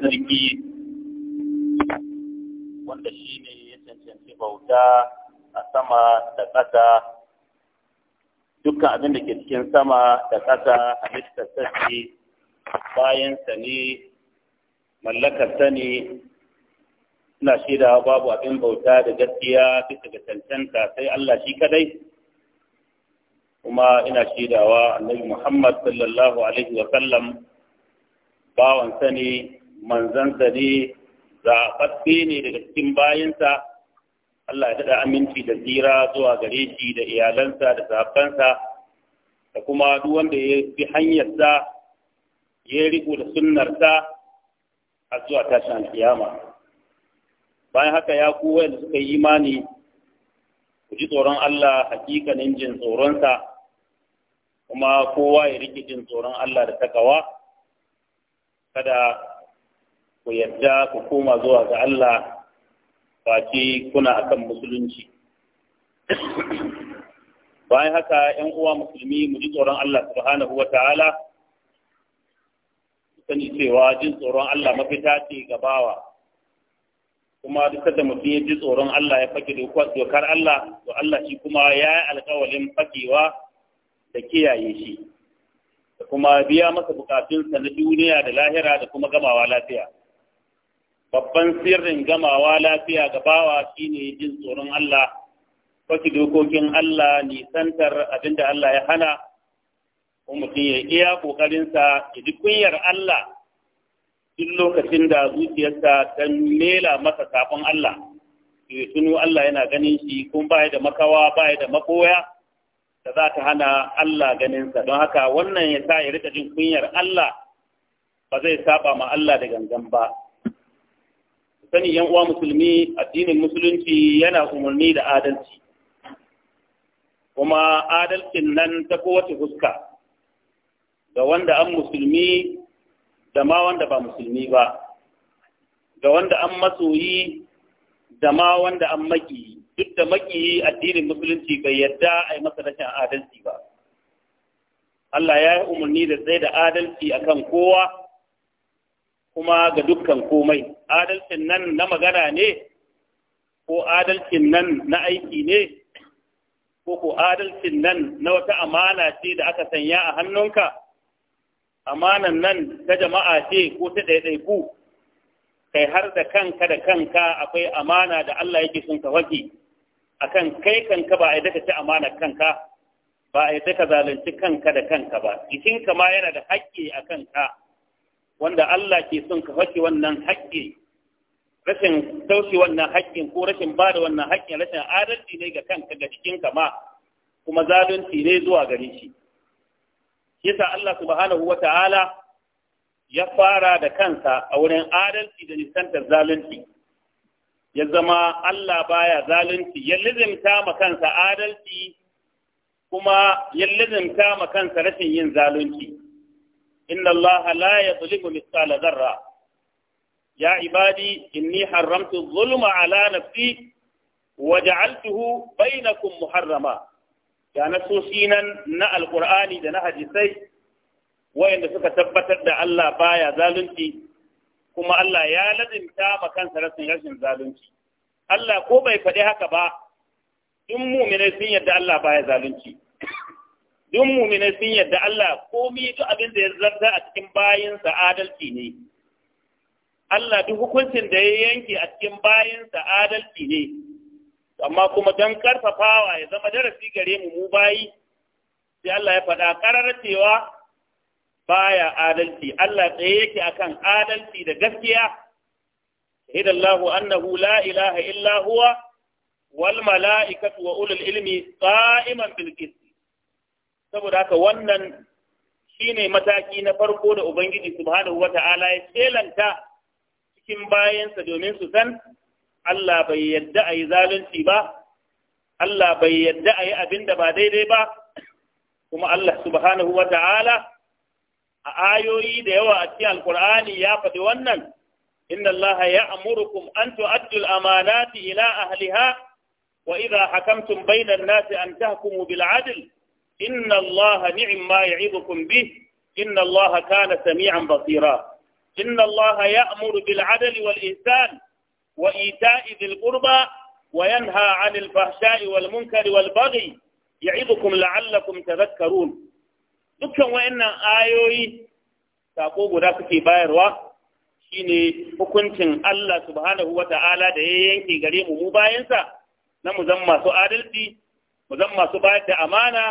sarki wanda shi ne ya cancanci bauta a sama da ƙasa dukkan abin da ke cikin sama da ƙasa mista sarki bayansa ne mallakar ne suna shaidawa babu abin bauta da gaskiya bisa ga cancanta sai Allah shi kadai kuma ina shaidawa annabi Muhammad sallallahu alaihi wa sallam bawansa ne manzansa ne zaɓaɓɓe ne daga cikin bayansa Allah ya daɗa aminci da tsira zuwa gare shi da iyalansa da safansa da kuma duk wanda ya fi hanyarsa ya riko da sunnarsa a zuwa tashin alkiyama bayan haka ya kowa da suka yi imani ku ji tsoron Allah hakikanin jin tsoronsa kuma kowa ya rike jin tsoron Allah da takawa kada ku yadda ku koma zuwa ga Allah ba face kuna akan musulunci bayan haka ‘yan uwa musulmi mu ji tsoron Allah subhanahu wa ta'ala sani cewa jin tsoron Allah mafita ce ga bawa kuma duk da mutum ya ji tsoron Allah ya faki dokar Allah to Allah shi kuma ya yi alƙawalin fakewa da kiyaye shi da kuma biya masa bukatunsa na duniya da lahira da kuma gamawa lafiya babban sirrin gamawa lafiya ga bawa shine jin tsoron Allah kwaki dokokin Allah nisantar abinda Allah ya hana kuma mutum ya iya ƙoƙarinsa ya ji kunyar Allah duk lokacin da zuciyarsa ta mela masa sabon Allah ya tunu Allah yana ganin shi kun baya da makawa baya da makoya da za ta hana Allah ganinsa don haka wannan ya sa ya rika jin kunyar Allah ba zai saba ma Allah da gangan ba sani yan uwa musulmi addinin musulunci yana umarni da adalci kuma adalcin nan ta kowace fuska ga wanda an musulmi da ma wanda ba musulmi ba ga wanda an masoyi da ma wanda an maki duk da maki addinin musulunci bai yadda a yi masa rashin adalci ba Allah ya yi umarni da tsaye da adalci akan kowa kuma ga dukkan komai adalcin nan na magana ne ko adalcin nan na aiki ne ko ko adalcin nan na wata amana ce da aka sanya a hannunka amanan nan ta jama'a ce ko ta ɗaiɗaiku kai har da kanka da kanka akwai amana da Allah yake sun ka A akan kai kanka ba a yi daga ci amana kanka ba a yi daga zalunci kanka da kanka ba jikinka ma yana da haƙƙi a kanka wanda Allah ke son ka fake wannan haƙƙi rashin taushe wannan haƙƙin ko rashin ba da wannan haƙƙin rashin adalci ne ga kanka ga cikin ma kuma zalunci ne zuwa gare shi yasa Allah subhanahu wata'ala ta'ala ya fara da kansa a wurin adalci da nisantar zalunci ya zama Allah baya zalunci ya lizimta ma kansa adalci kuma ya lizimta ma kansa rashin yin zalunci inna Allah la yadhlimu mithqala dharra ya ibadi inni haramtu zulma ala nafsi wa ja'altuhu bainakum muharrama ya nasoshi nan na alqur'ani da na hadisai wayanda suka tabbatar da Allah baya zalunci kuma Allah ya lazimta ma kansa rasin rashin zalunci Allah ko bai faɗi haka ba in mu'minai sun yarda Allah baya zalunci duk mumina sun yarda Allah komi duk abin da ya zarta a cikin bayinsa adalci ne Allah duk hukuncin da ya yanke a cikin bayinsa adalci ne amma kuma don karfafawa ya zama darasi gare mu mu bayi sai Allah ya faɗa ƙarar cewa baya adalci Allah tsaye yake akan adalci da gaskiya hidallahu annahu la ilaha illa huwa wal mala'ikatu wa ulul ilmi qa'iman bil saboda haka wannan shine mataki na farko da ubangiji subhanahu ta'ala ya tselanta cikin bayansa domin su san Allah bai yadda a yi zalunci ba Allah bai yadda a yi abin da ba daidai ba kuma Allah subhanahu ta'ala a ayoyi da yawa a cikin alkur'ani ya faɗi wannan inna Allah ya amurukum an tu'addu al-amanati ila ahliha wa idha hakamtum bayna an-nasi an inna allaha ni'ma ya'idukum bih inna allaha kana sami'an basira inna allaha ya'muru bil 'adli wal ihsan wa ita'i dhil qurba wa yanha 'anil fahsha'i wal munkari wal baghi ya'idukum la'allakum tadhakkarun dukkan wayannan ayoyi sako guda suke bayarwa shine hukuncin Allah subhanahu ta'ala da ya yanke gare mu mu bayansa na mu zama masu adalci mu zama masu bayar da amana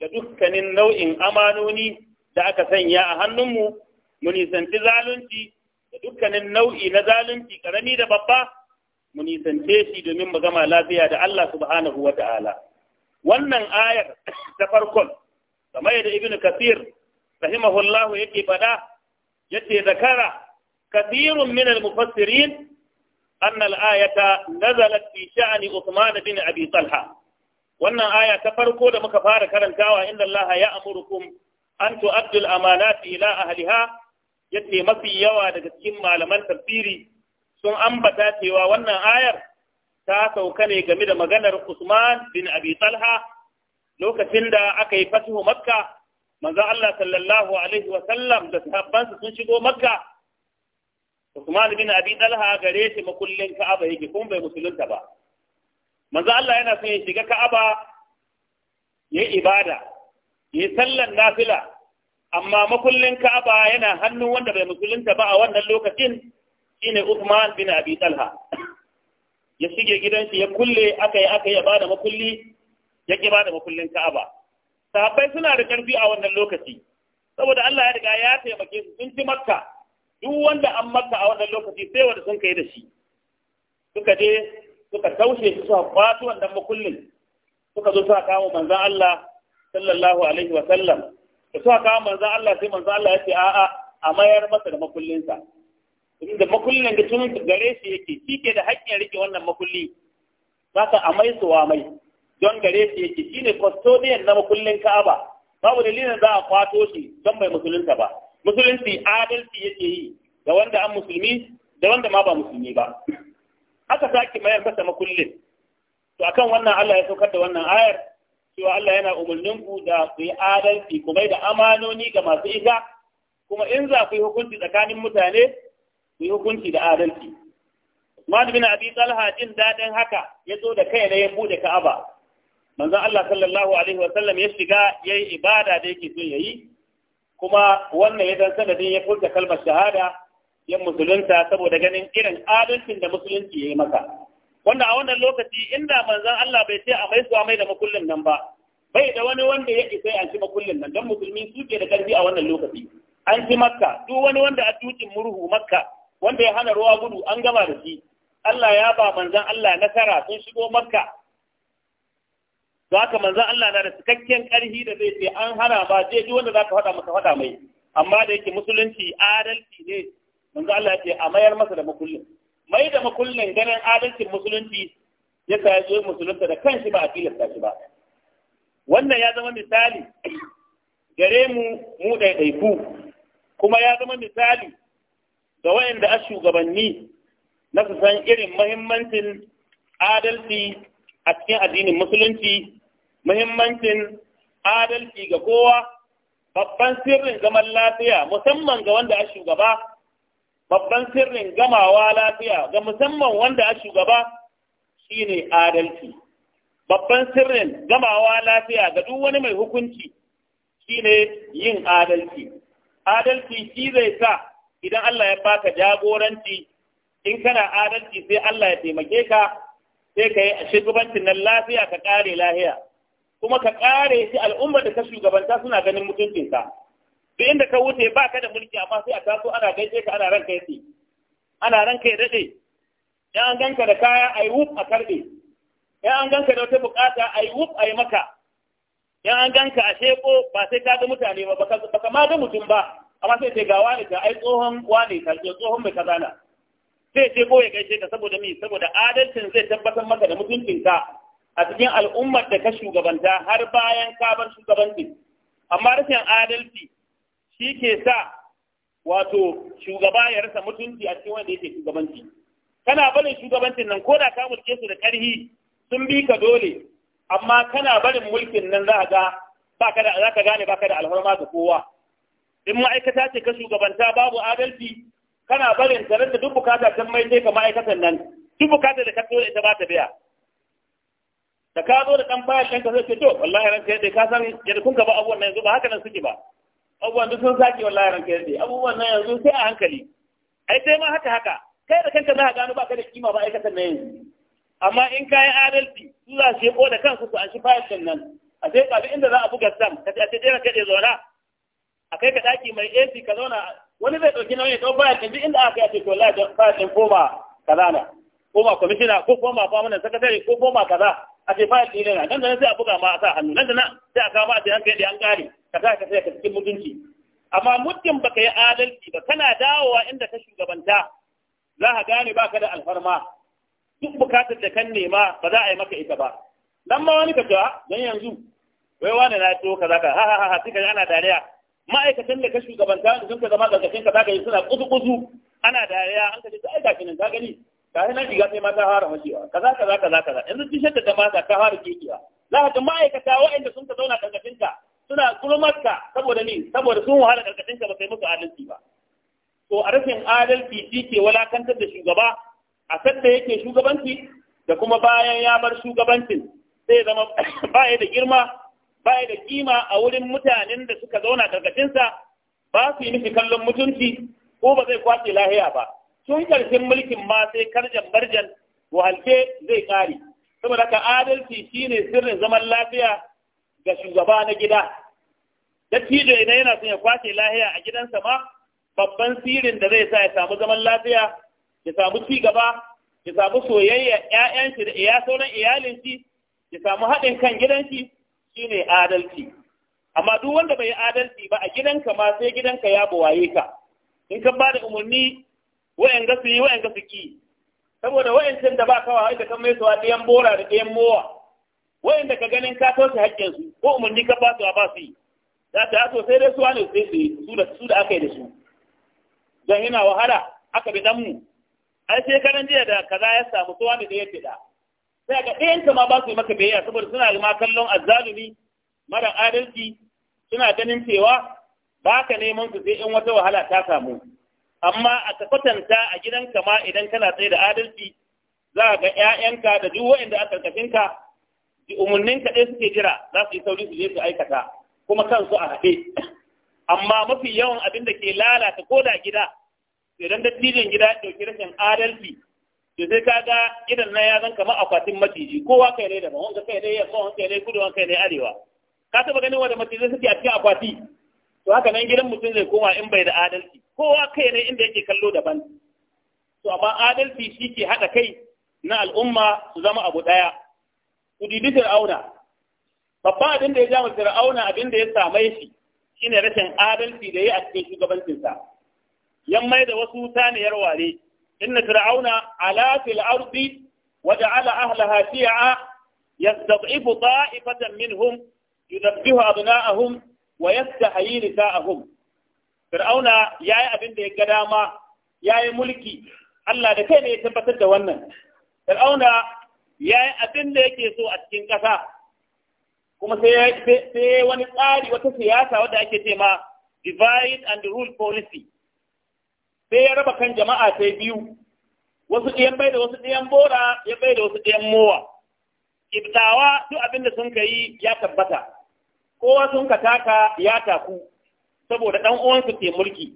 da dukkanin nau'in amanoni da aka sanya a hannunmu mu nisanci zalunci da dukkanin nau'i na zalunci karami da babba mu nisance shi domin mu gama lafiya da Allah subhanahu wa ta'ala wannan ayar ta farkon kamar yadda ibnu kasir rahimahullahu yake faɗa yace zakara kathirun min al-mufassirin anna al-ayata nazalat fi sha'ni Uthman bin Abi Talha wannan aya ta farko da muka fara karantawa inda Allah ya amurukum an tu'addu al-amanati ila ahliha yace mafi yawa daga cikin malaman tafsiri sun ambata cewa wannan ayar ta sauka ne game da maganar Usman bin Abi Talha lokacin da aka yi fatihu Makka manzo Allah sallallahu alaihi wa sallam da sahabbansa sun shigo Makka Usman bin Abi Talha gare shi makullin Ka'aba yake kun bai musulunta ba manzo Allah yana son ya shiga Ka'aba ya ibada ya sallan nafila amma makullin Ka'aba yana hannu wanda bai musulunta ba a wannan lokacin shine Uthman bin Abi Talha ya shige gidan shi ya kulle akai akai ya bada makulli ya ki bada makullin Ka'aba sahabbai suna da karfi a wannan lokaci saboda Allah ya riga ya taimake su sun ci Makka duk wanda an Makka a wannan lokaci sai wanda sun kai da shi suka je suka taushe su suka kwato ɗan makullin suka zo suka kawo manzon Allah sallallahu alaihi wa sallam da suka kawo Allah sai manzon Allah ya ce a'a a mayar masa da makullinsa inda makullin da tun gare shi yake shi ke da haƙƙin rike wannan makulli Ba ka amai su mai don gare shi yake shi ne custodian na makullin ka'aba babu dalilin za a kwato shi don bai musulunta ba musulunci adalci yake yi da wanda an musulmi da wanda ma ba musulmi ba aka sake mayar masa makullin to akan wannan Allah ya saukar da wannan ayar cewa Allah yana umarnin ku da ku yi adalci ku mai da amanoni ga masu isa kuma in za ku yi hukunci tsakanin mutane ku yi hukunci da adalci Usman bin Abi Talha jin dadin haka ya zo da kai ne ya bude Ka'aba manzon Allah sallallahu alaihi wa sallam ya shiga yayi ibada da yake so yayi kuma wannan ya dan sanadin ya furta kalmar shahada Yan musulunta saboda ganin irin adalcin da musulunci ya yi maka wanda a wannan lokaci inda manzan Allah bai ce a mai su mai da makullin nan ba bai da wani wanda ya isa an ci makullin nan don musulmi suke da ƙarfi a wannan lokaci an ci makka duk wani wanda a tukin murhu makka wanda ya hana ruwa gudu an gama da shi Allah ya ba manzan Allah nasara sun shigo makka za ka manzan Allah na da cikakken ƙarfi da zai ce an hana ba je ji wanda za ka faɗa maka faɗa mai amma da yake musulunci adalci ne ga Allah ce a mayar masa da makullin mai da makullin ganin adalcin musulunci ya sa musulunta da kanshi ba a tilasta shi ba wannan ya zama misali gare mu mu ɗaiɗaiku kuma ya zama misali ga waɗanda a shugabanni na su san irin muhimmancin adalci a cikin addinin musulunci muhimmancin adalci ga kowa babban sirrin zaman lafiya musamman ga wanda a shugaba babban sirrin gamawa lafiya ga musamman wanda a shugaba shine adalci babban sirrin gamawa lafiya ga duk wani mai hukunci shine yin adalci adalci shi zai sa idan Allah ya baka jagoranci in kana adalci sai Allah ya taimake ka sai ka yi shugabancin nan lafiya ka kare lahiya kuma ka kare shi al'ummar da ka shugabanta suna ganin mutuncinka duk inda ka wuce ba ka da mulki amma sai a taso ana gaishe ka ana ranka yace ana ranka ya dade in an ganka da kaya ai wuf a karbe in an ganka da wata bukata ai wuf ai maka in an ganka a sheko ba sai ka ga mutane ba baka ma ga mutum ba amma sai ce ga wani ta ai tsohon wani ta tsohon mai kazana sai ce ko ya gaishe ka saboda me saboda adalcin zai tabbatar maka da mutuncinka a cikin al'ummar da ka shugabanta har bayan ka bar shugabancin amma rashin adalci shi ke sa wato shugaba ya rasa mutunci a cikin wanda yake shugabanci kana barin shugabancin nan ko da ka mulke su da karhi sun bi ka dole amma kana barin mulkin nan za ga ba ka da zaka gane ba ka da alhorma ga kowa in ma'aikata ce ka shugabanta babu adalci kana barin tare da duk bukata ta mai sai ka ma'aikatan nan duk bukata da ka so ita ba ta biya da ka zo da dan fayil ka zai ce to wallahi sai dai. ka san yadda kun ka ba abubuwan nan yanzu ba haka nan suke ba abubuwan duk sun sake wallahi ranka yadda abubuwan nan yanzu sai a hankali ai sai ma haka haka kai da kanka za ka gano baka da kima ba aikatan na yanzu amma in ka yi adalci su za su ko da kansu su an shi fayil din nan a sai ka inda za a buga sam ka ce a ce jera kaɗe zauna a kai ka ɗaki mai AC ka zauna wani zai ɗauki nauyin ɗau fayil ɗin duk inda aka ce to wallahi fayil ɗin koma kaza na koma kwamishina ko koma famanan sakatare ko koma kaza a ce fayil ɗin nan nan da nan sai a buga ma a sa hannu nan da nan sai a kama a ce an kai an ƙare ka sa ka tsaya ka cikin mutunci amma muddin baka yi adalci ba kana dawowa inda ka shugabanta za ka gane baka da alfarma duk bukatar da kan nema ba za a yi maka ita ba nan ma wani ka cewa ah, don yanzu wai wani na to kaza ka ha ha ha sai ka ana dariya ma'aikatan da ka shugabanta da sun ka zama gargashin ka zaka yi suna kusu kusu ana dariya an ka ce ai gashi nan ka gani gashi nan shiga sai ma ta fara macewa kaza kaza kaza kaza yanzu tishar da ta mata ka fara kekewa za ka ga ma'aikata waɗanda sun ka zauna gargashin ka suna tsurumarka saboda ni saboda sun wahala karkashin ka ba kai musu adalci ba to a rashin adalci shi ke walakantar da shugaba a sanda yake shugabanci da kuma bayan ya bar shugabancin sai zama baya da girma baya da kima a wurin mutanen da suka zauna sa, ba su yi miki kallon mutunci ko ba zai kwace lahiya ba tun karshen mulkin ma sai karjan barjan wahalke zai kare saboda ka adalci shine sirrin zaman lafiya ga shugaba na gida dattijo idan yana son ya kwace lahiya a gidansa ma babban sirin da zai sa ya samu zaman lafiya ya samu ci gaba ya samu soyayya 'ya'yanshi da iya sauran iyalin ya samu haɗin kan gidanshi shi shine adalci amma duk wanda bai adalci ba a gidanka ma sai gidanka ya buwaye ka in ka ba da umarni wayan gasu yi wayan gasu ki saboda wayancin da ba kawa da kan mai suwa ɗayan bora da ɗayan mowa wayanda ka ganin ka toshe haƙƙin su ko umarni ka ba su a basu yi za ta so sai dai su wani sai su su da su da aka yi da su don yana wahala aka bi danmu ai sai karan jiya da kaza ya samu su wani da ya fida sai ga ɗayan ma ba su yi maka biyayya saboda suna ma kallon azzalumi Marar adalci suna ganin cewa ba ka neman su sai in wata wahala ta samu amma a ka kwatanta a gidanka ma idan kana tsaye da adalci za ka ga 'ya'yanka da duk wa'inda a karkashinka umarnin kaɗai suke jira za su yi sauri su je su aikata kuma kansu a haɗe amma mafi yawan abin da ke lalata ko da gida idan dattijan gida ya ɗauki rashin adalci to sai ka ga gidan na ya zan kama akwatin maciji kowa kai ne daban wanda kai ne yamma wanda kai ne kudu wanda kai ne arewa ka taɓa ganin wanda macizai suke a cikin akwati to haka nan gidan mutum zai koma in bai da adalci kowa kai ne inda yake kallo daban to amma adalci shi ke haɗa kai na al'umma su zama abu ɗaya ku didi fir'auna babba abin da ya jama fir'auna abin da ya same shi shine rashin adalci da ya a cikin shugabancinsa yan mai da wasu taniyar ware inna fir'auna ala fil ardi wa ja'ala ahlaha shi'a yastad'ifu ta'ifatan minhum yudabbihu abna'ahum wa yastahyi nisa'ahum fir'auna yayi abin da ya ga dama yayi mulki Allah da kai ne ya tabbatar da wannan fir'auna ya yi abin da yake so a cikin ƙasa kuma sai ya wani tsari wata siyasa wadda ake ce ma divide and rule policy sai ya raba kan jama'a sai biyu wasu ɗiyan bai da wasu ɗiyan bora ya bai da wasu ɗiyan mowa ibtawa duk abin da sun ka yi ya tabbata kowa sun ka taka ya taku saboda ɗan uwansu ke mulki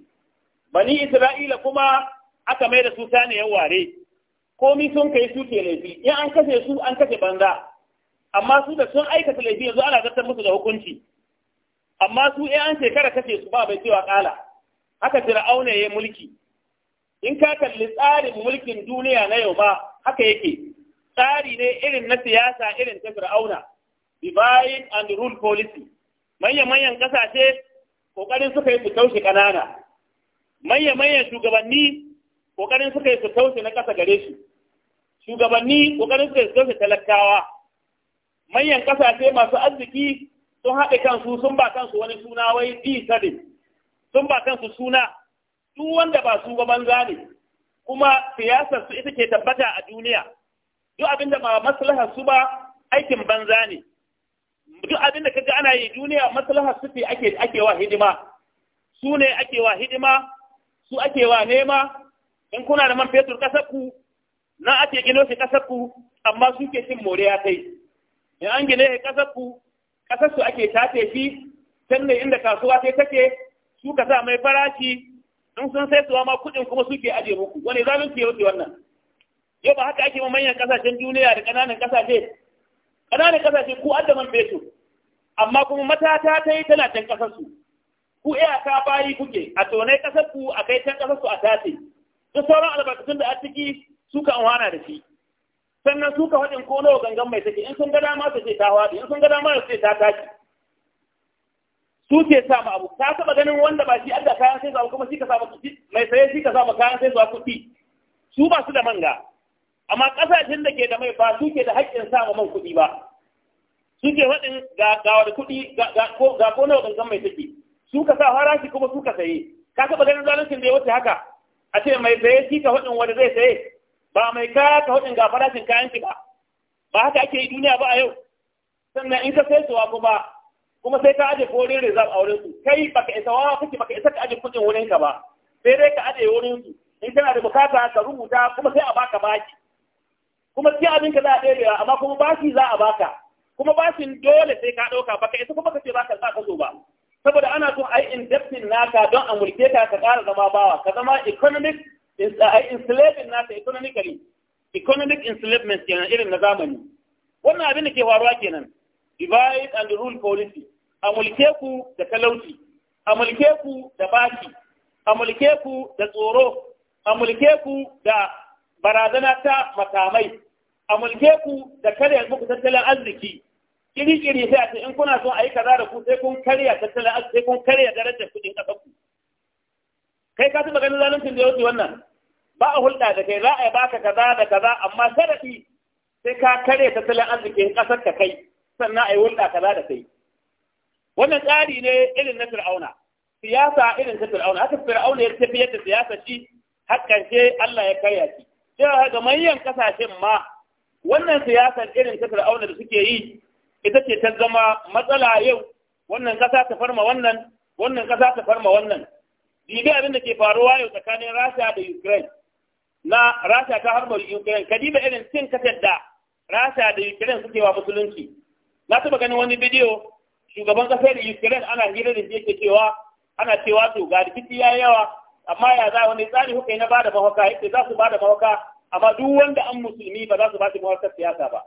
bani isra'ila kuma aka mai da su saniyar ware komi sun kai su ke laifi in an kashe su an kashe banza amma su da sun aikata laifi yanzu ana zartar musu da hukunci amma su in an shekara kashe su ba bai cewa kala haka jira, auna ya mulki in ka kalli tsarin mulkin duniya na yau ba haka yake tsari ne irin na siyasa irin ta fir'auna divine and rule policy manya-manyan kasashe kokarin suka yi su taushe kanana manya-manyan shugabanni kokarin suka yi su taushe na ƙasa gare shi shugabanni kokarin suka yi su taushe talakawa manyan ƙasashe masu arziki sun haɗe kansu sun ba kansu wani suna wai di sadi sun ba kansu suna duk wanda ba su ba banza ne kuma siyasar su ita ke tabbata a duniya duk abin da ba maslahar su ba aikin banza ne duk abin da kaga ana yi duniya maslahar su ce ake ake wa hidima su ne ake wa hidima su ake wa nema in kuna da man fetur kasarku ku na ake gino shi kasar ku amma suke cin moriya kai in an gine shi kasar ku kasar su ake tafe shi can ne inda kasuwa sai take su ka sa mai farashi in sun sai suwa ma kuɗin kuma suke aje muku wani zalun ke yauki wannan yau ba haka ake ma manyan kasashen duniya da ƙananan kasashe ƙananan kasashe ku adda man fetur amma kuma matata ta yi tana can kasar su ku iyaka bayi kuke a tonai kasar ku a kai can kasar su a tafe. da sauran albarkatun da a ciki suka amfana da shi sannan suka faɗin ko nawa gangan mai take in sun ga dama su ce ta faɗi in sun ga dama su ce ta tashi su ke sa ma abu ta taɓa ganin wanda ba shi adda kayan sai zuwa kuma shi ka samu kuɗi mai saye shi ka samu kayan sai zuwa kuɗi su ba su da manga amma ƙasashen da ke da mai ba su ke da haƙƙin sa ma man kuɗi ba su ke faɗin ga da kuɗi ga ko nawa gangan mai take su ka sa farashi kuma su ka saye ka taɓa ganin zaluncin da ya wuce haka a ce mai saye shi ka hudin wanda zai saye ba mai kaya ka hudin ga farashin kayan shi ba ba haka ake yi duniya ba a yau sannan in ka sai suwa kuma kuma sai ka aje foreign reserve a wurin su kai baka isa wawa kake baka isa ka aje kudin wurin ka ba sai dai ka aje wurin su in kana da bukata ka rubuta kuma sai a baka baki kuma sai abin ka za a ɗerewa amma kuma bashi za a baka kuma bashin dole sai ka ɗauka baka isa kuma ka ce baka za ka so ba saboda ana so yi indefin naka don a mulke ka ka ƙara zama bawa ka zama economic enslavement naka economically economic enslavement kenan irin na zamani wannan abin da ke faruwa kenan divide and rule policy a mulke ku da talauci a mulke ku da baki a mulke ku da tsoro a mulke ku da barazana ta makamai a mulke ku da kare muku tattalin arziki kiri-kiri sai a ce in kuna son a yi kaza da ku sai kun karya tattalin arziki sai kun karya darajar kuɗin ƙasar ku kai ka taɓa ganin zaluncin da ya wuce wannan ba a hulɗa da kai za a yi baka kaza da kaza amma sharaɗi sai ka karya tattalin arzikin ƙasar ka kai sannan a yi hulɗa kaza da kai wannan tsari ne irin na fir'auna siyasa irin ta fir'auna haka fir'auna ya tafiyar da siyasa shi hakan ce Allah ya karya shi sai ga manyan ƙasashen ma wannan siyasar irin ta fir'auna da suke yi ita ce ta zama matsala yau wannan ƙasa ta farma wannan wannan ƙasa ta farma wannan dibi abin da ke faruwa yau tsakanin rasha da ukraine na rasha ta harbar ukraine ka diba irin cin kasar da rasha da ukraine suke wa musulunci na taba ganin wani bidiyo shugaban ƙasar ukraine ana hira da shi yake cewa ana cewa to ga rikici ya yawa amma ya za wani tsari huka na ba da mafaka yake za su ba da mafaka amma duk wanda an musulmi ba za su ba su mafakar siyasa ba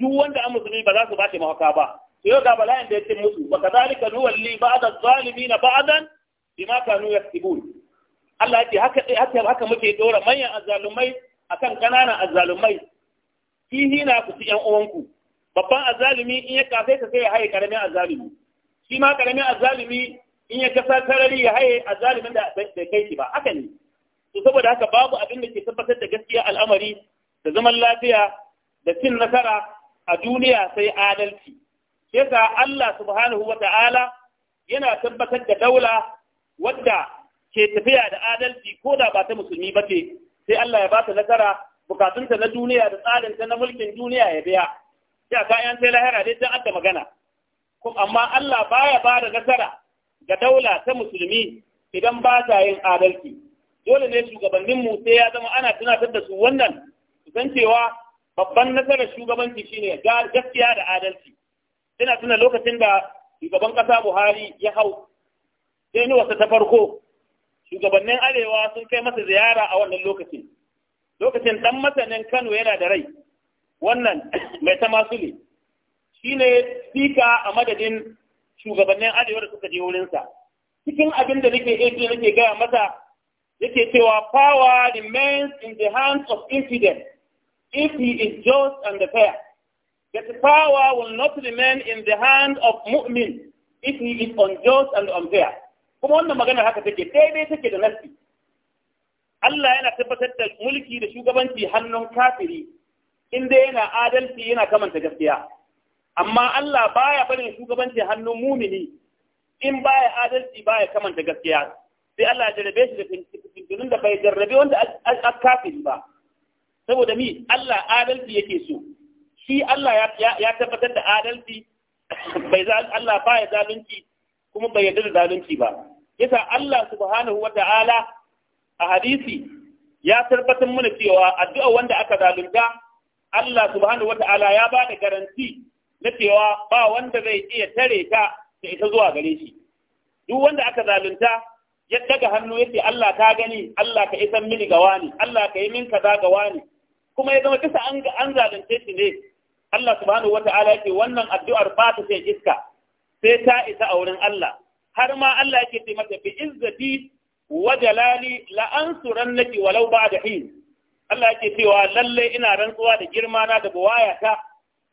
duk wanda an musulmi ba za su bashi mafaka ba to yau ga bala'in da ya ce musu wa kadhalika nuwalli ba'da zalimin ba'dan bima kanu yaktubun Allah ya ce haka haka haka muke dora manyan azzalumai akan kananan azzalumai shi na ku ci yan uwanku babban azzalumi in ya kafe ka sai ya haye karamin azzalumi shi ma karamin azzalumi in ya kasa tarari ya haye azzalumin da bai kai shi ba haka ne to saboda haka babu abin da ke tabbatar da gaskiya al'amari da zaman lafiya da cin nasara a duniya sai adalci yasa Allah subhanahu wa ta'ala yana tabbatar da daula wadda ke tafiya da adalci ko da ba ta musulmi ba ce sai Allah ya ba ta nasara bukatunta na duniya da tsarinta na mulkin duniya ya biya sai a kayan sai lahira dai dan adda magana amma Allah baya ba da nasara ga daula ta musulmi idan ba ta yin adalci dole ne shugabanninmu sai ya zama ana tunatar da su wannan su san cewa babban nasarar shugabanci shine gaskiya da adalci ina tuna lokacin da shugaban kasa Buhari ya hau sai ni wasa ta farko shugabannin arewa sun kai masa ziyara a wannan lokacin lokacin dan masanin Kano yana da rai wannan mai ta masule shine sika a madadin shugabannin arewa da suka je wurinsa cikin abin da nake nake gaya masa yake cewa power remains in the hands of incidents if he is just and fair. That power will not remain in the hand of mu'min if he is unjust and unfair. Kuma wannan magana haka take daidai take da nasi. Allah yana tabbatar da mulki da shugabanci hannun kafiri inda yana adalci yana kamanta gaskiya. Amma Allah baya barin shugabanci hannun mumini in baya adalci baya kamanta gaskiya. Sai Allah ya jarrabe shi da tuntunin da bai jarrabe wanda a kafiri ba. saboda mi Allah adalci yake so shi Allah ya tabbatar da adalci bai Allah ba ya zalunci kuma bai yarda da zalunci ba yasa Allah subhanahu wata'ala a hadisi ya tabbatar mana cewa addu'a wanda aka zalunta Allah subhanahu wata'ala ya ba da garanti na cewa ba wanda zai iya tare ta da ita zuwa gare shi duk wanda aka zalunta ya daga hannu yace Allah ka gani Allah ka isan mini gawa ne, Allah ka yi min kaza gawa ne. kuma ya zama kisa an an zalunce shi ne Allah subhanahu wata'ala yake wannan addu'ar ba ta sai iska sai ta isa a wurin Allah har ma Allah yake ce mata bi izzati wa jalali la ansurannaki walau ba'da hin Allah yake cewa lalle ina rantsuwa da girma na da buwayata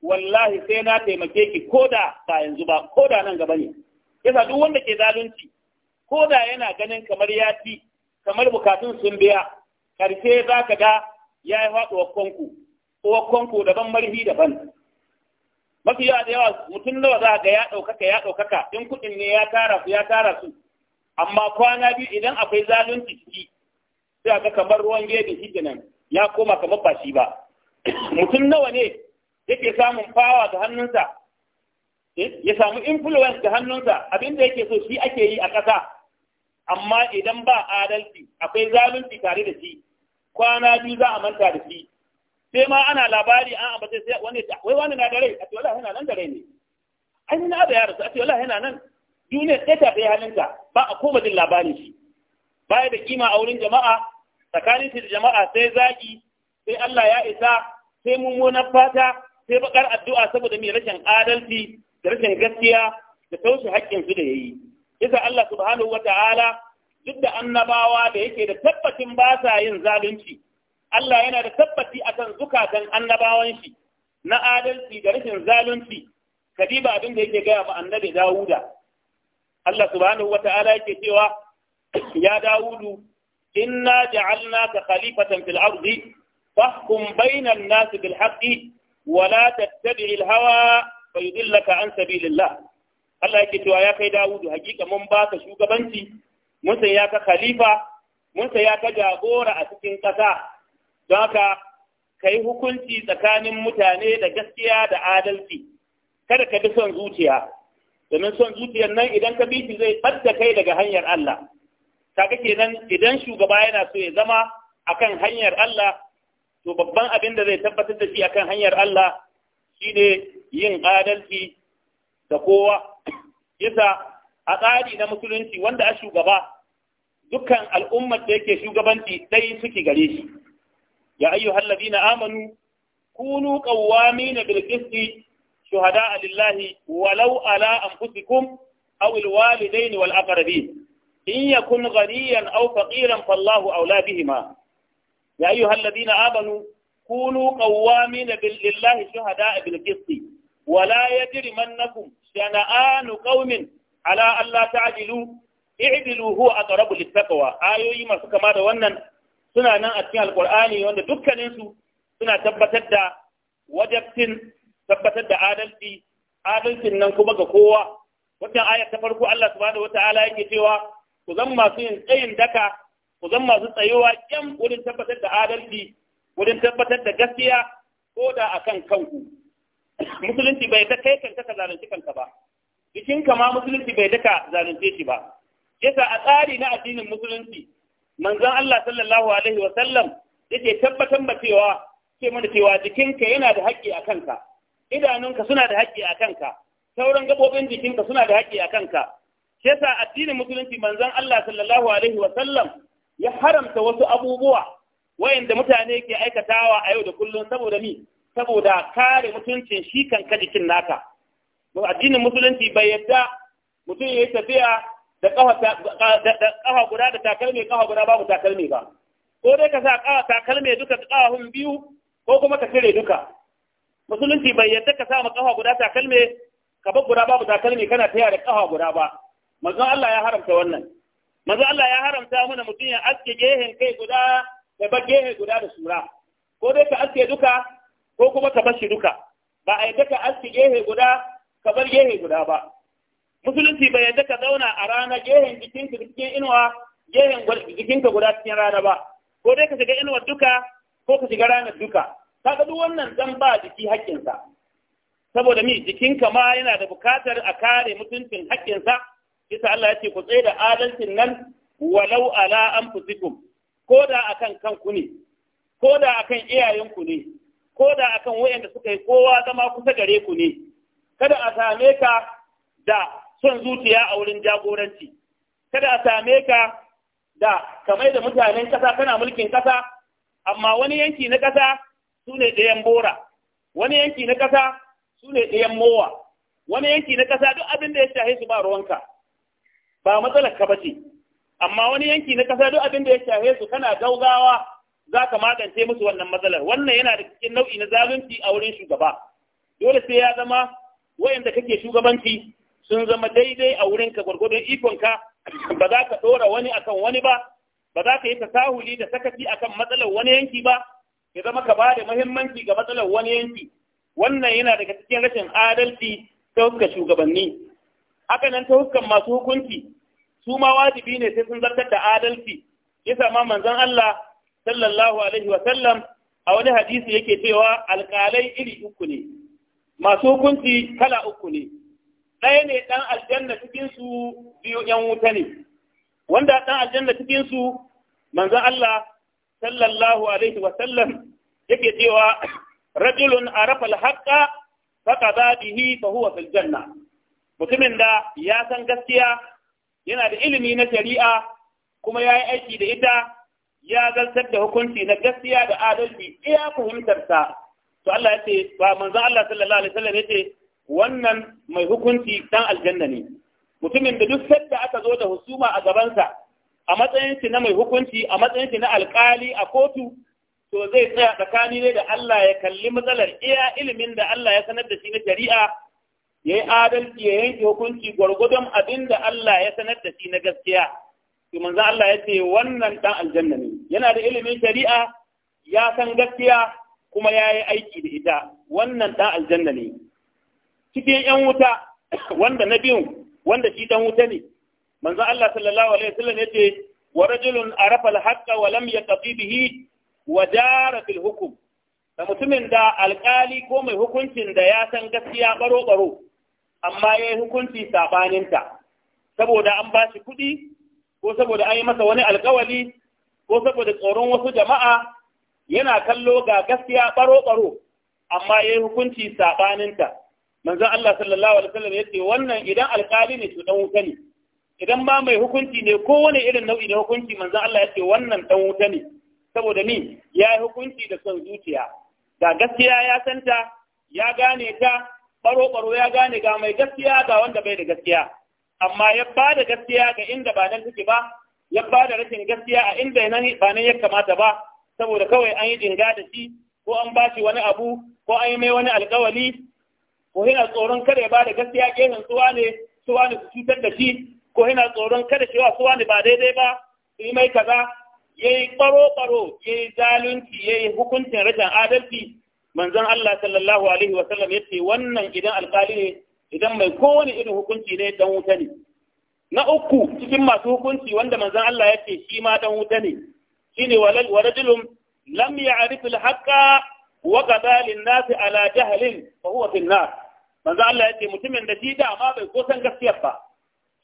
wallahi sai na taimake ki koda ba yanzu ba koda nan gaba ne yasa duk wanda ke zalunci koda yana ganin kamar ya ci kamar bukatun sun biya karshe za ka ga ya yi wa kwanku uwar konku daban marfi daban mafi yawa da yawa mutum nawa za ga ya ɗaukaka ya ɗaukaka in kuɗin ne ya tara su ya tara su amma kwana biyu idan akwai zalunci ciki sai ga kamar ruwan gebe shi nan ya koma kamar ba shi ba mutum nawa ne yake samun fawa da hannunsa eh, ya samu influence da hannunsa abin da yake so shi ake yi a ƙasa amma idan ba adalci akwai zalunci tare da shi kwana biyu za a manta da shi sai ma ana labari an abu sai wani ta wai wani na da a ce yana nan da rai ne ai ni na da yaro a ce yana nan duniya sai ta kai halinta ba a koma jin labari shi baya da kima a wurin jama'a tsakanin shi da jama'a sai zaki sai Allah ya isa sai mummunan fata sai bakar addu'a saboda mai rashin adalci da rashin gaskiya da taushe haƙƙin su da yayi yasa Allah subhanahu wata'ala duk da annabawa da yake da tabbacin ba sa yin zalunci Allah yana da tabbaci akan zukatan annabawan shi na adalci da rashin zalunci kadiba abin da yake gaya ma annabi Dawuda Allah subhanahu Ta'ala yake cewa ya Dawudu inna ja'alnaka khalifatan fil ardi fahkum bainan nasi bil haqqi wa la tattabi'il hawa fayudillaka an sabilillah Allah yake cewa ya kai Dawudu hakika mun baka shugabanci mun ya ka khalifa mun ya ka jagora a cikin ƙasa don haka ka hukunci tsakanin mutane da gaskiya da adalci kada ka bi son zuciya domin son zuciyar nan idan ka bi zai ɓadda kai daga hanyar Allah kaga kenan idan shugaba yana so ya zama akan hanyar Allah to babban abin da zai tabbatar da shi akan hanyar Allah shine yin adalci da kowa yasa a tsari na musulunci wanda a shugaba dukkan al'ummar da yake shugabanci ɗai suke gare shi ya ayyuhal ladina amanu kunu qawwamina bil qisti shuhada'a lillahi walau ala anfusikum aw al walidaini wal aqrabin in yakun ghaniyan aw faqiran fallahu awla bihima ya ayyuhal ladina amanu kunu qawwamina bil lillahi shuhada'a wala qisti ولا يجرمنكم شنآن قوم على ألا تعدلوا i'dilu huwa aqrabu littaqwa ayoyi masu kama da wannan suna nan a cikin alqur'ani wanda dukkanin su suna tabbatar da wajibin tabbatar da adalci adalcin nan kuma ga kowa wannan ayar ta farko Allah subhanahu wataala yake cewa ku zan masu yin tsayin daka ku zan masu tsayowa kyan wurin tabbatar da adalci wurin tabbatar da gaskiya ko da akan kanku musulunci bai ta kai kanka ka zalunci kanka ba cikin ma musulunci bai daka zalunce shi ba yasa a tsari na addinin musulunci manzon Allah sallallahu alaihi wa sallam yake tabbatar da cewa ke mana cewa jikinka yana da haƙƙi a kanka idanunka suna da haƙƙi a kanka sauran gabobin jikinka suna da haƙƙi a kanka shi yasa addinin musulunci manzon Allah sallallahu alaihi wa sallam ya haramta wasu abubuwa wayanda mutane ke aikatawa a yau da kullum saboda ni saboda kare mutuncin shi kanka jikin naka addinin musulunci bai yadda mutum ya yi tafiya da kafa guda da takalmi kafa guda babu takalmi ba ko dai ka sa kafa takalmi duka kafafun biyu ko kuma ka cire duka musulunci bai yadda ka sa kafa guda takalmi ka bar guda babu takalmi kana taya da kafa guda ba manzon Allah ya haramta wannan manzon Allah ya haramta mana mutum ya aske gehen kai guda da bar gehe guda da sura ko dai ka aske duka ko kuma ka bar shi duka ba a yadda ka aske gehe guda ka bar gehe guda ba musulunci bai yadda ka zauna a rana gehen jikinka cikin inuwa gehen jikinka guda cikin rana ba ko dai ka shiga inuwar duka ko ka shiga ranar duka kaga duk wannan zan ba jiki haƙƙinsa saboda mi jikinka ma yana da bukatar a kare mutuncin haƙƙinsa kisa Allah ya ce ku tsaye da adalcin nan walau ala anfusikum ko da akan kanku ne ko da akan iyayenku ne ko da akan wayanda suka yi kowa zama kusa gare ku ne kada a same ka da son zuciya a wurin jagoranci kada a same ka da kamar da mutanen kasa kana mulkin kasa amma wani yanki na kasa su ne ɗayan bora wani yanki na kasa su ne ɗayan mowa wani yanki na kasa duk abin da ya shahe su ba ruwanka ba matsalar ka bace amma wani yanki na kasa duk abin da ya shahe su kana gaugawa za ka magance musu wannan matsalar wannan yana da cikin nau'i na zalunci a wurin shugaba dole sai ya zama wayanda kake shugabanci sun zama daidai a wurinka gwargwadon ikonka ba za ka ɗora wani akan wani ba ba za ka yi tasahuli da sakaci akan matsalar wani yanki ba ya zama ka ba da muhimmanci ga matsalar wani yanki wannan yana daga cikin rashin adalci ta huska shugabanni haka nan ta huskan masu hukunci su ma wajibi ne sai sun zartar da adalci yasa ma manzon Allah sallallahu alaihi wa sallam a wani hadisi yake cewa alƙalai iri uku ne masu hukunci kala uku ne ɗaya ne ɗan aljanna cikinsu biyu ‘yan wuta ne, wanda ɗan aljanna cikinsu manzan Allah sallallahu alaihi wa sallam yake cewa rajulun arafa al-haqqa faqada bihi fa huwa fil janna mutumin da ya san gaskiya yana da ilimi na shari'a kuma ya yi aiki da ita ya zartar da hukunci na gaskiya da adalci iya fahimtarsa to Allah ya ce ba manzon Allah sallallahu alaihi wa sallam ya ce wannan mai hukunci dan aljanna ne mutumin da duk sadda aka zo da husuma a gabansa a matsayin shi na mai hukunci a matsayin shi na alkali a kotu to zai tsaya tsakani ne da Allah ya kalli matsalar iya ilimin da Allah ya sanar da shi na shari'a ya yi adalci ya yanke hukunci gwargwadon abin da Allah ya sanar da shi na gaskiya to manzo Allah ya ce wannan dan aljanna ne yana da ilimin shari'a ya san gaskiya kuma ya yi aiki da ita wannan dan aljanna ne cikin ‘yan wuta wanda na biyu wanda shi dan wuta ne, manzan Allah sallallahu Alaihi wasallam ya ce, wa rajulun arafa alhaqa wa lam yaqdi bihi wa jara fil hukum da mutumin da alkali ko mai hukuncin da ya san gaskiya baro baro amma ya yi hukunci sabaninta saboda an ba shi kuɗi ko saboda an yi masa wani alkawali ko saboda tsoron wasu jama'a yana kallo ga gaskiya baro baro amma ya yi hukunci saɓaninta. manzo Allah sallallahu alaihi wasallam yace wannan idan alƙali ne to dan wuta ne idan ba mai hukunci ne ko wani irin nau'i ne hukunci manzon Allah yace wannan dan wuta ne saboda ni ya yi hukunci da son zuciya ga gaskiya ya santa ya gane ta baro baro ya gane ga mai gaskiya ga wanda bai da gaskiya amma ya ba da gaskiya ga inda ba nan take ba ya ba da rashin gaskiya a inda nan ba nan ya kamata ba saboda kawai an yi dinga da shi ko an ba shi wani abu ko an yi mai wani alkawali ko yana tsoron kada ya ba da gaskiya kenan suwa ne suwa ne su cutar da shi ko yana tsoron kada cewa suwa ne ba daidai ba su yi mai kaza ya yi ɓaro-ɓaro ya yi zalunci ya yi hukuncin rashin adalci manzon Allah sallallahu alaihi wa sallam ya ce wannan idan alƙali ne idan mai kowane irin hukunci ne dan wuta ne na uku cikin masu hukunci wanda manzon Allah ya ce shi ma dan wuta ne shine walal warajulum lam ya'rif al-haqqa wa qadala an ala jahlin fa huwa nar manzo Allah ya ce mutumin da shi da, ma bai ko san gaskiyar ba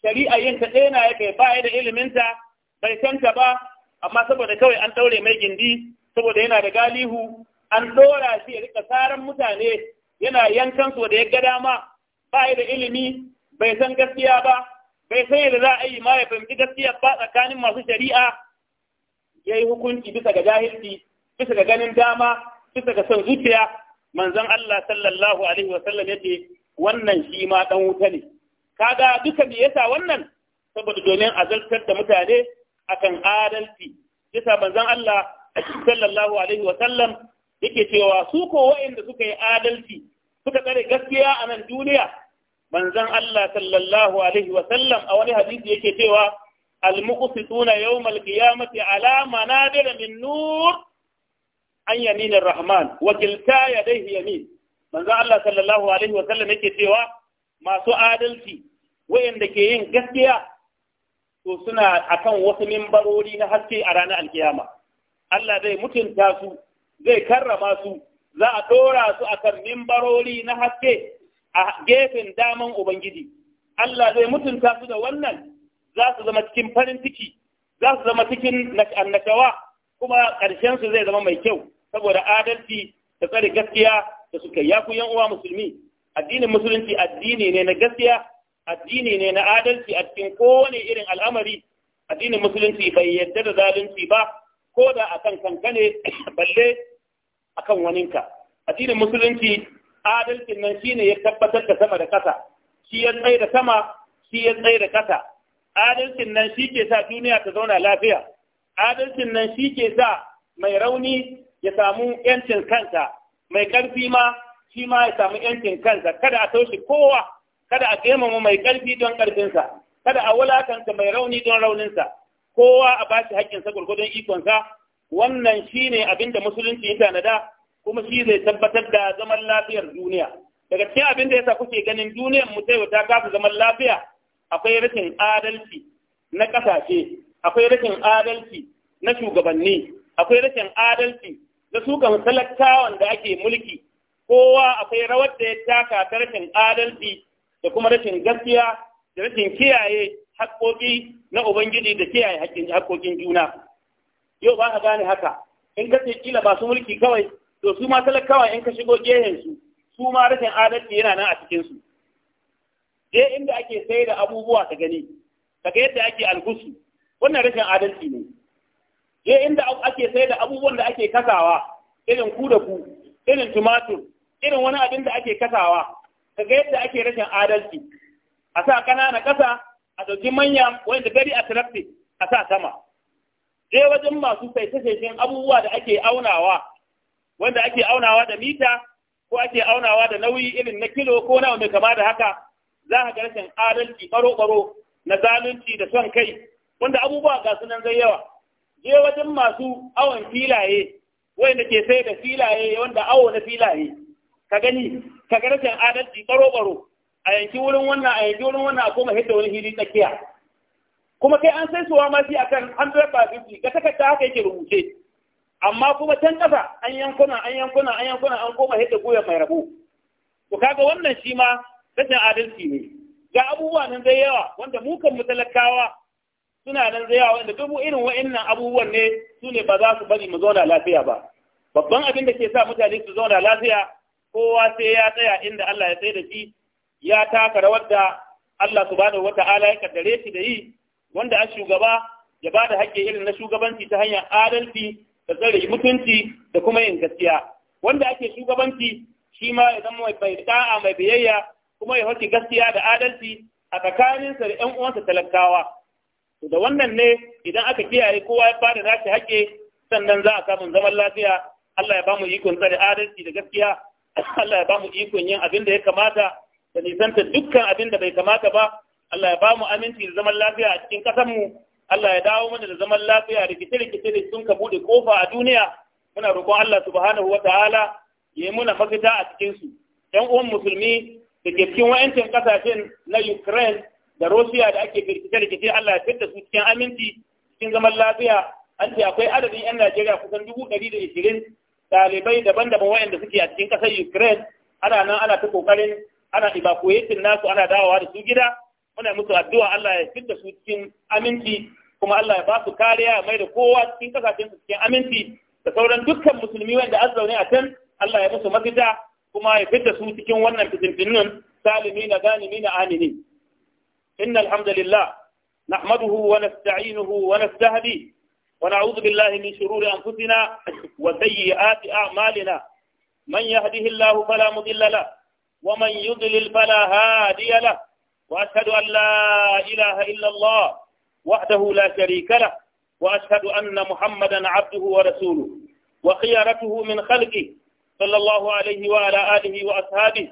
shari'a yin ta ɗaya na yake ba ya ilimin ta bai san ta ba amma saboda kawai an ɗaure mai gindi saboda yana da galihu an ɗora shi ya rika saran mutane yana yankan su da ya ga dama ba ya da ilimi bai san gaskiya ba bai san yadda za a yi ma ya fahimci gaskiya ba tsakanin masu shari'a ya yi hukunci bisa ga jahilci bisa ga ganin dama bisa ga son zuciya manzon Allah sallallahu alaihi wasallam yace wannan shi ma dan wuta ne kaga duka me yasa wannan saboda domin azaltar da mutane akan adalci yasa manzon Allah sallallahu alaihi wasallam yake cewa su ko wa'anda suka yi adalci suka tsare gaskiya a nan duniya manzon Allah sallallahu alaihi wasallam a wani hadisi yake cewa al-muqsituna yawm al-qiyamati ala manadir min nur an yaminin rahman wakilta ya daihi yamin manzo Allah sallallahu alaihi wa sallam yake cewa masu adalci wayanda ke yin gaskiya to suna akan wasu mimbarori na haske a ranar alkiyama Allah zai mutunta su zai karrama su za a dora su akan mimbarori na haske a gefen daman ubangiji Allah zai mutunta su da wannan za su zama cikin farin ciki za su zama cikin annashawa kuma ƙarshen su zai zama mai kyau saboda adalci da tsare gaskiya da suka ya ku yan uwa musulmi addinin musulunci addini ne na gaskiya addini ne na adalci a cikin kowane irin al'amari addinin musulunci bai yarda da zalunci ba ko da akan kankane, balle akan waninka addinin musulunci adalcin nan shine ya tabbatar da sama da kasa shi ya tsaye da sama shi ya tsaye da kasa adalcin nan shi ke sa duniya ta zauna lafiya adalcin nan shi ke sa mai rauni ya samu yancin kansa mai ƙarfi ma shi ma ya samu yancin kansa kada a taushe kowa kada a girmama mai ƙarfi don ƙarfinsa kada a wulakanta mai rauni don rauninsa kowa a ba shi haƙƙinsa gurgudun ikonsa wannan shine abin da musulunci ya tanada kuma shi zai tabbatar da zaman lafiyar duniya daga cikin abin da yasa kuke ganin duniyar mu yau ta kafa zaman lafiya akwai rashin adalci na ƙasashe akwai rashin adalci na shugabanni akwai rashin adalci da su kan talakawan da ake mulki kowa akwai rawar da ya taka ta rashin adalci da kuma rashin gaskiya da rashin kiyaye haƙƙoƙi na ubangiji da kiyaye haƙƙoƙin juna yau ba ka gane haka in ka ce kila ba su mulki kawai to su ma talakawa in ka shigo gehen su su ma rashin adalci yana nan a cikin su je inda ake sai da abubuwa ka gani kaga yadda ake algusu wannan rashin adalci ne ya inda ake sai da abubuwan da ake kasawa irin ku da ku irin tumatur irin wani abin da ake kasawa daga yadda ake rashin adalci a sa ƙanana ƙasa a ɗauki manya wanda gari a tarafi a sa sama je wajen masu saisasashen abubuwa da ake aunawa wanda ake aunawa da mita ko ake aunawa da nauyi irin na kilo ko nawa mai kama da haka za ka ga rashin adalci ɓaro-ɓaro na zalunci da son kai wanda abubuwa ga sunan zai yawa je wajen masu awon filaye wanda ke sai da filaye wanda awo na filaye ka gani ka ga rashin adalci baro baro a yanki wurin wannan a yanki wurin wannan a koma hidda wani hili tsakiya kuma kai an sai suwa ma shi akan 150 ga takarda haka yake rubuce amma kuma can ƙasa an yankuna an yankuna an yankuna an koma hidda goyon mai rabu to kaga wannan shi ma rashin adalci ne ga abubuwa nan da yawa wanda mu kan talakawa suna nan zai yawa inda dubu irin wa'annan abubuwan ne su ne ba za su bari mu zauna lafiya ba babban abin da ke sa mutane su zauna lafiya kowa sai ya tsaya inda Allah ya tsaye da shi ya taka rawar da Allah subhanahu wata'ala ya kaddare shi da yi wanda a shugaba ya bada da haƙƙi irin na shugabanci ta hanyar adalci da tsare mutunci da kuma yin gaskiya wanda ake shugabanci shi ma ya zama mai bai mai biyayya kuma ya hoki gaskiya da adalci a tsakaninsa da 'yan uwansa talakawa da wannan ne idan aka kiyaye kowa ya fara nashi haƙƙi sannan za a samu zaman lafiya Allah ya bamu ikon tsare adalci da gaskiya Allah ya bamu ikon yin abin da ya kamata da nisanta dukkan abin da bai kamata ba Allah ya bamu aminci da zaman lafiya a cikin ƙasar mu Allah ya dawo mana da zaman lafiya rikice rikice sun ka buɗe kofa a duniya muna roƙon Allah subhanahu wataala ya yi muna mafita a cikin su uwan musulmi da ke cikin wa'ancin ƙasashen na Ukraine da Rosiya da ake rikice-rikice Allah ya fita su cikin aminci cikin zaman lafiya an ce akwai adadin 'yan Najeriya kusan dubu ɗari da ishirin ɗalibai daban-daban waɗanda suke a cikin ƙasar Ukraine ana nan ana ta ƙoƙarin ana evacuating nasu ana dawowa da su gida muna musu addu'a Allah ya fitar su cikin aminci kuma Allah ya ba su kariya mai da kowa cikin kasashen su cikin aminci da sauran dukkan musulmi wanda an zaune a can Allah ya musu mafita kuma ya fitar su cikin wannan fitintinin salimi na ganimi na amini. إن الحمد لله نحمده ونستعينه ونستهديه ونعوذ بالله من شرور أنفسنا وسيئات أعمالنا من يهده الله فلا مضل له ومن يضلل فلا هادي له وأشهد أن لا إله إلا الله وحده لا شريك له وأشهد أن محمدا عبده ورسوله وخيارته من خلقه صلى الله عليه وعلى آله وأصحابه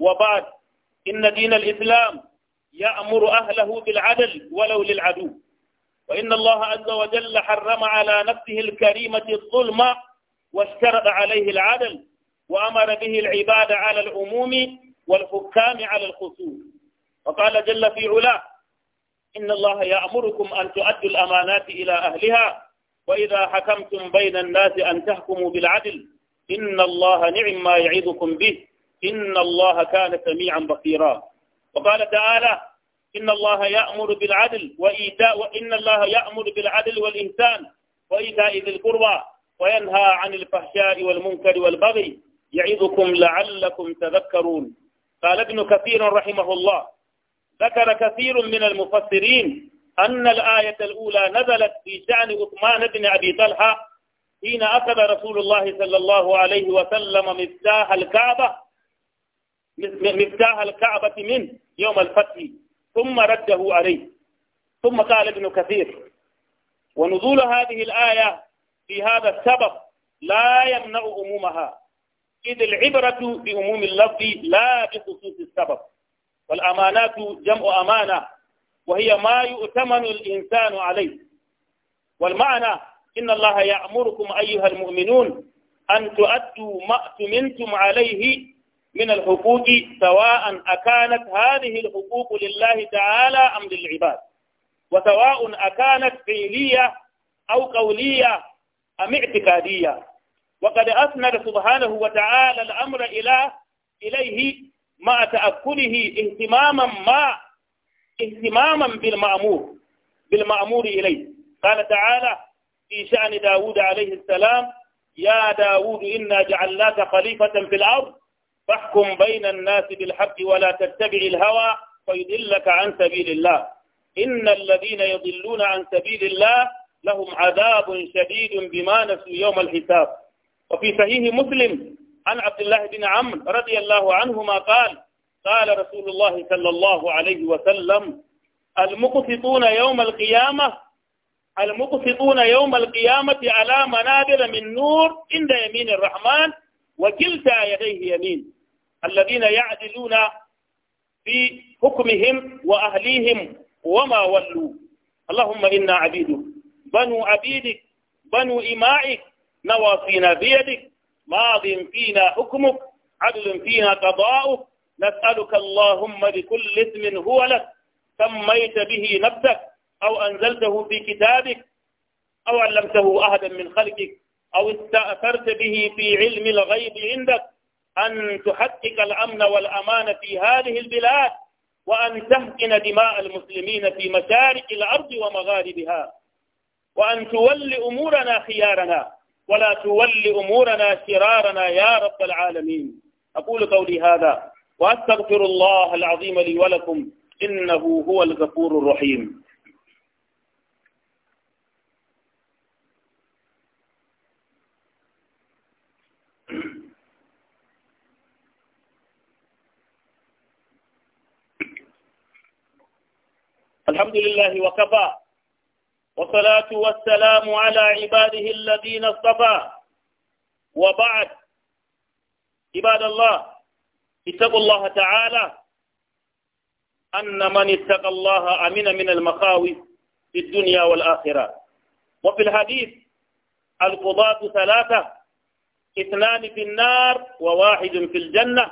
وبعد إن دين الإسلام يأمر أهله بالعدل ولو للعدو وإن الله عز وجل حرم على نفسه الكريمة الظلم واشترط عليه العدل وأمر به العباد على العموم والحكام على الخصوص وقال جل في علاه إن الله يأمركم أن تؤدوا الأمانات إلى أهلها وإذا حكمتم بين الناس أن تحكموا بالعدل إن الله نعم ما يعيدكم به إن الله كان سميعا بصيرا وقال تعالى إن الله يأمر بالعدل وإيتاء وإن الله يأمر بالعدل والإنسان وإيتاء ذي القربى وينهى عن الفحشاء والمنكر والبغي يعظكم لعلكم تذكرون قال ابن كثير رحمه الله ذكر كثير من المفسرين أن الآية الأولى نزلت في شأن عثمان بن أبي طلحة حين أخذ رسول الله صلى الله عليه وسلم مفتاح الكعبة مفتاح الكعبة منه يوم الفتح ثم رده عليه ثم قال ابن كثير ونزول هذه الآية في هذا السبب لا يمنع أمومها إذ العبرة بأموم اللفظ لا بخصوص السبب والأمانات جمع أمانة وهي ما يؤتمن الإنسان عليه والمعنى إن الله يأمركم أيها المؤمنون أن تؤدوا ما أتمنتم عليه من الحقوق سواء أكانت هذه الحقوق لله تعالى أم للعباد وسواء أكانت فعلية أو قولية أم اعتقادية وقد أسند سبحانه وتعالى الأمر إلى إليه مع تأكله اهتماما ما اهتماما بالمأمور بالمأمور إليه قال تعالى في شأن داود عليه السلام يا داود إنا جعلناك خليفة في الأرض فاحكم بين الناس بالحق ولا تتبع الهوى فيضلك عن سبيل الله إن الذين يضلون عن سبيل الله لهم عذاب شديد بما نسوا يوم الحساب وفي صحيح مسلم عن عبد الله بن عمرو رضي الله عنهما قال قال رسول الله صلى الله عليه وسلم المقسطون يوم القيامة المقسطون يوم القيامة على منابر من نور عند يمين الرحمن وكلتا يديه يمين الذين يعدلون في حكمهم وأهليهم وما ولوا اللهم إنا عبيدك بنو عبيدك بنو إمائك نواصينا بيدك ماض فينا حكمك عدل فينا قضاؤك نسألك اللهم بكل اسم هو لك سميت به نفسك أو أنزلته في كتابك أو علمته أحدا من خلقك أو استأثرت به في علم الغيب عندك أن تحقق الأمن والأمان في هذه البلاد وأن تهكن دماء المسلمين في مشارق الأرض ومغاربها وأن تولي أمورنا خيارنا ولا تولي أمورنا شرارنا يا رب العالمين أقول قولي هذا وأستغفر الله العظيم لي ولكم إنه هو الغفور الرحيم الحمد لله وكفى والصلاة والسلام على عباده الذين اصطفى وبعد عباد الله اتقوا الله تعالى أن من اتقى الله أمن من المخاوف في الدنيا والآخرة وفي الحديث القضاة ثلاثة اثنان في النار وواحد في الجنة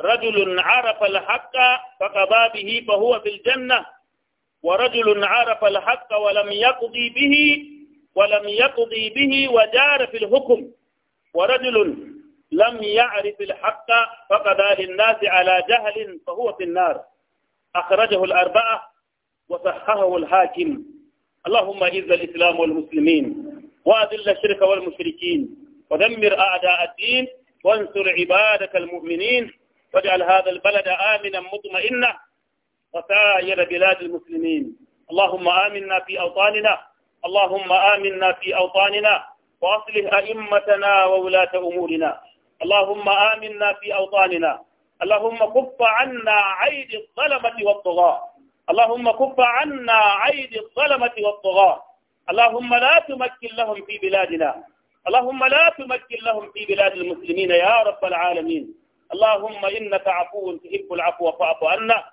رجل عرف الحق فقضى به فهو في الجنة ورجل عرف الحق ولم يقضي به ولم يقضي به وجار في الحكم ورجل لم يعرف الحق فقضى للناس على جهل فهو في النار أخرجه الأربعة وصححه الحاكم اللهم إذ الإسلام والمسلمين وأذل الشرك والمشركين ودمر أعداء الدين وانصر عبادك المؤمنين واجعل هذا البلد آمنا مطمئنا وسائر بلاد المسلمين اللهم آمنا في أوطاننا اللهم آمنا في أوطاننا وأصلح أئمتنا وولاة أمورنا اللهم آمنا في أوطاننا اللهم كف عنا عيد الظلمة والطغاة اللهم كف عنا عيد الظلمة والطغاة اللهم لا تمكن لهم في بلادنا اللهم لا تمكن لهم في بلاد المسلمين يا رب العالمين اللهم إنك عفو تحب العفو فاعف عنا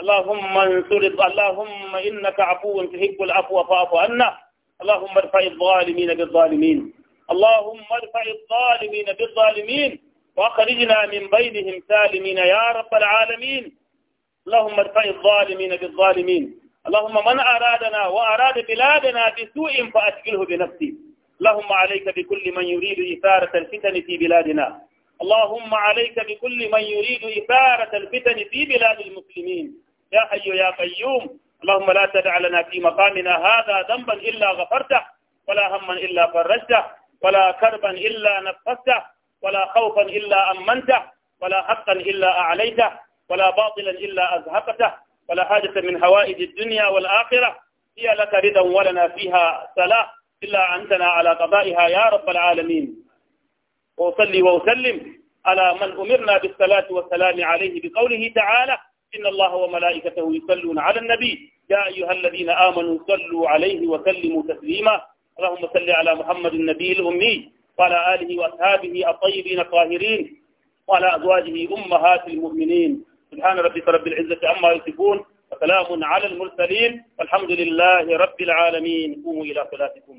اللهم انصر اللهم إنك عفو تحب العفو فاعف عنا اللهم ارفع الظالمين بالظالمين اللهم ارفع الظالمين بالظالمين وأخرجنا من بينهم سالمين يا رب العالمين اللهم ارفع الظالمين بالظالمين اللهم من أرادنا وأراد بلادنا بسوء فأشغله بنفسي اللهم عليك بكل من يريد إثارة الفتن في بلادنا اللهم عليك بكل من يريد إثارة الفتن في بلاد المسلمين يا حي يا قيوم اللهم لا تدع لنا في مقامنا هذا ذنبا إلا غفرته ولا هما إلا فرجته ولا كربا إلا نفسته ولا خوفا إلا أمنته ولا حقا إلا أعليته ولا باطلا إلا أزهقته ولا حاجة من هوائج الدنيا والآخرة هي لك رضا ولنا فيها سلا إلا أنتنا على قضائها يا رب العالمين وأصلي وأسلم على من أمرنا بالصلاة والسلام عليه بقوله تعالى إن الله وملائكته يصلون على النبي يا أيها الذين آمنوا صلوا عليه وسلموا تسليما اللهم صل على محمد النبي الأمي وعلى آله وأصحابه الطيبين الطاهرين وعلى أزواجه أمهات المؤمنين سبحان ربك رب العزة عما يصفون وسلام على المرسلين والحمد لله رب العالمين قوموا إلى صلاتكم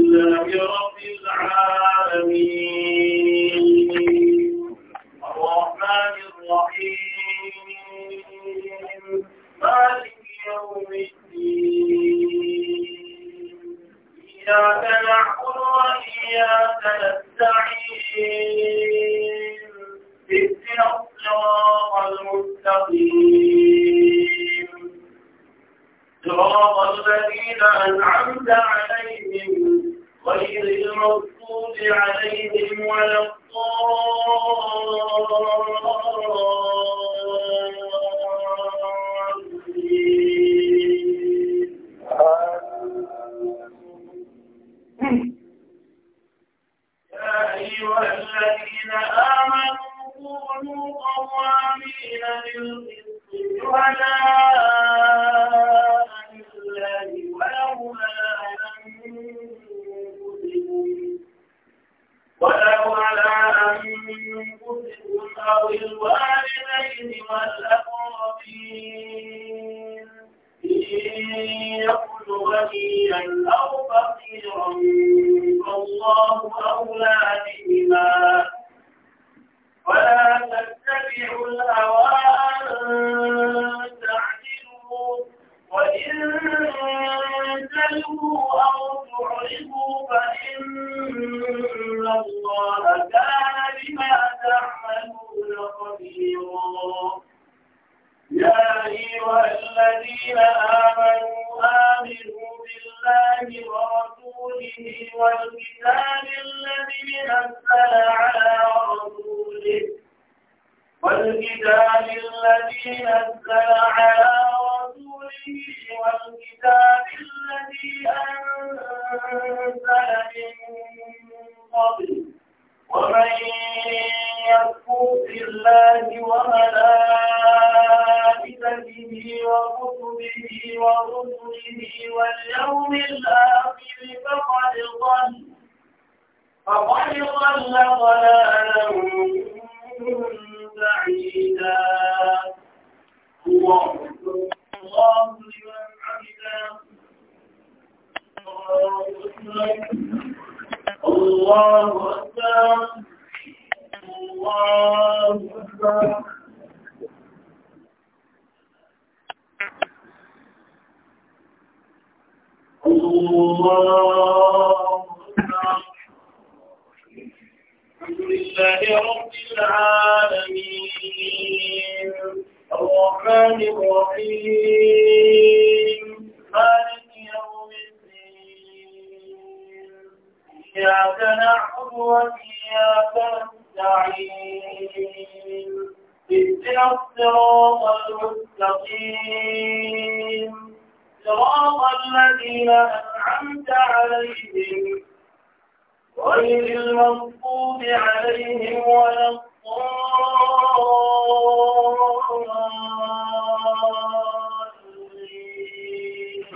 والكتاب الذي نزل على رسوله والكتاب الذي نزل على رسوله والكتاب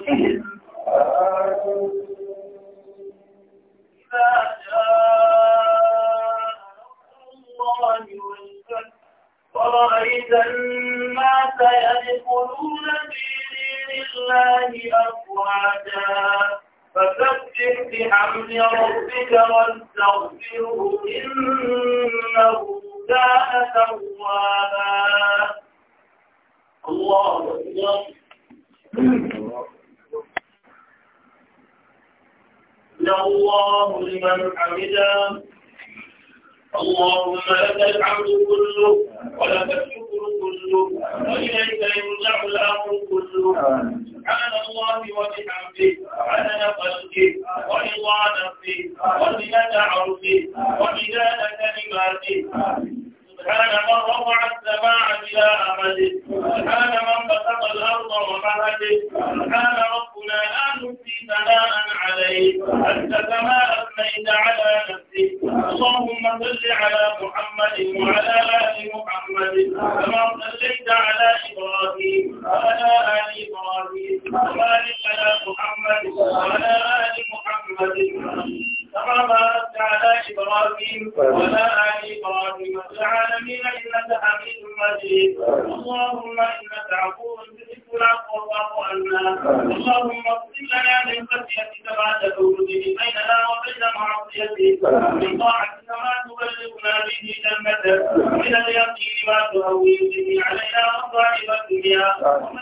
is الدنيا ومتعنا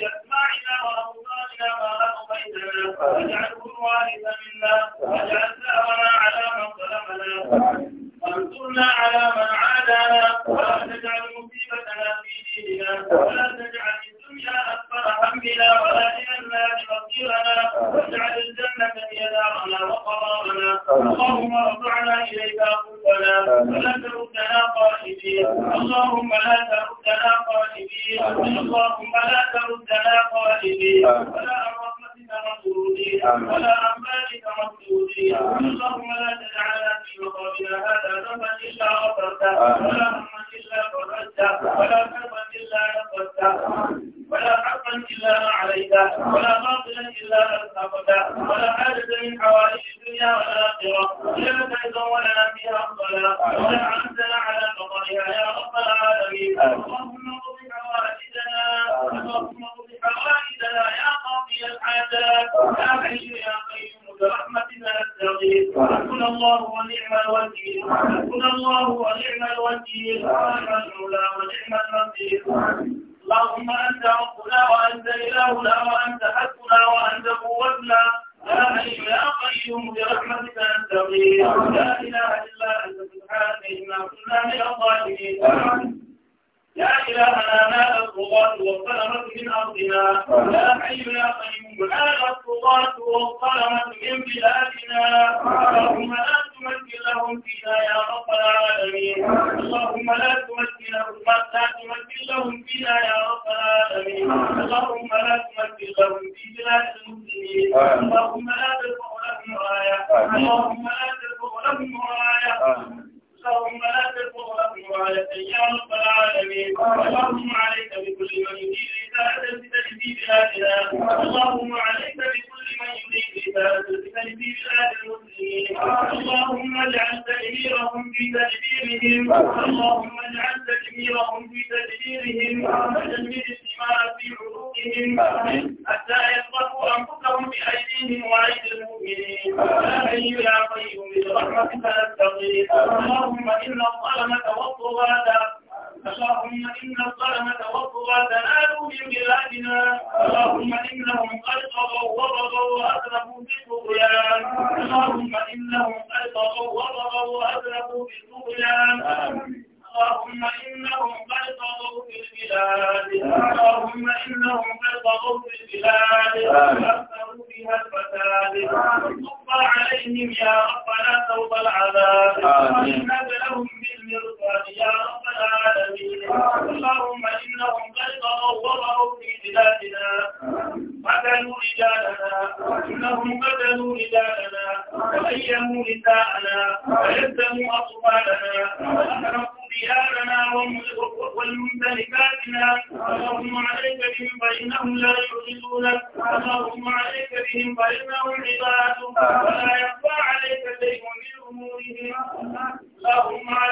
بأسماعنا وأبصارنا ما أغويتنا منا واجعل ثأرنا وساكما لهم يا رب العالمين اللهم لك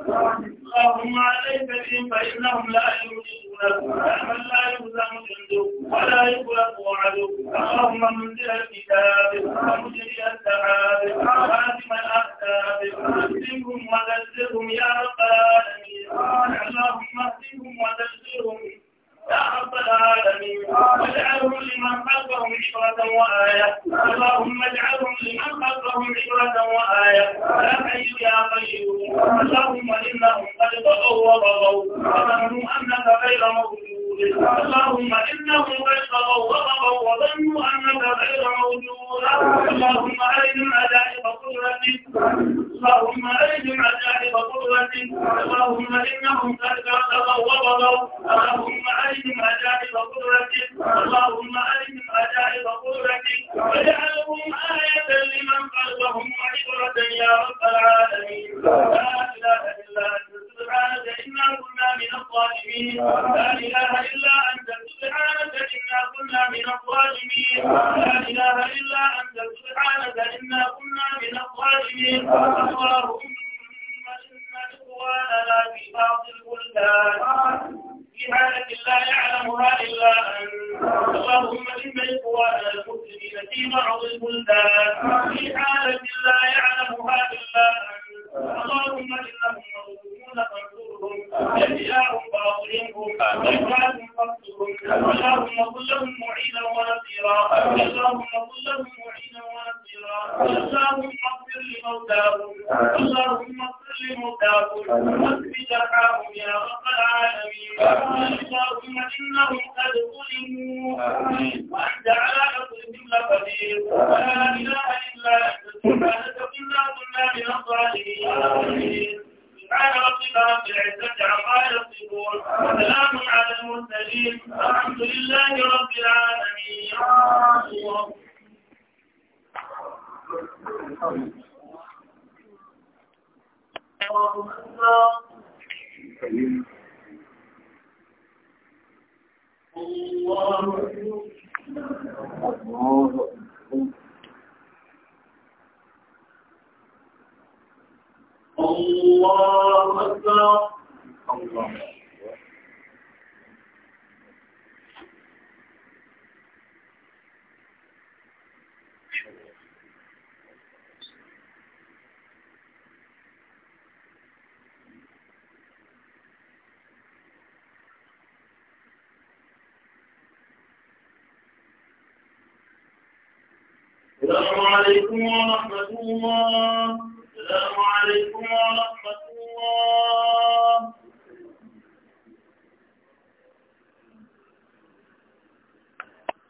اللهم عليك بهم فإنهم لا يوجدونك من لا يهزم جندك ولا يغلب وعدك اللهم منزل الكتاب ومجري السحاب خاتم الأحزاب اهدهم وذكرهم يا رب العالمين اللهم اهدهم وذكرهم يا رب العالمين واجعلهم لمن خلفهم عشرة وآية اللهم اجعلهم لمن خلفهم عشرة وآية يا حي يا قيوم اللهم إنهم قد طغوا وطغوا وظنوا أنك غير موجود اللهم إنهم قد طغوا وطغوا وظنوا أنك غير موجود اللهم أرهم عجائب قدرتك اللهم أرهم عجائب قدرتك اللهم إنهم قد طغوا وطغوا اللهم أرهم أرهم عجائب قدرتك اللهم أرهم عجائب قدرتك واجعلهم آية لمن قلبهم وعبرة يا رب العالمين لا إله إلا أنت سبحانك إنا كنا من الظالمين لا إله إلا أنت سبحانك إنا كنا من الظالمين لا إله إلا أنت سبحانك إنا كنا من الظالمين اللهم سلطاننا في بعض البلدان في لا يعلمها إلا أنت اللهم إما إخواننا المسلمين في بعض البلدان في لا يعلمها إلا أنت اللهم إنهم مظلومون فانصرهم جزاهم باطلهم إخوانهم فانصرهم اللهم كن لهم معينا ونصيرا اللهم كن لهم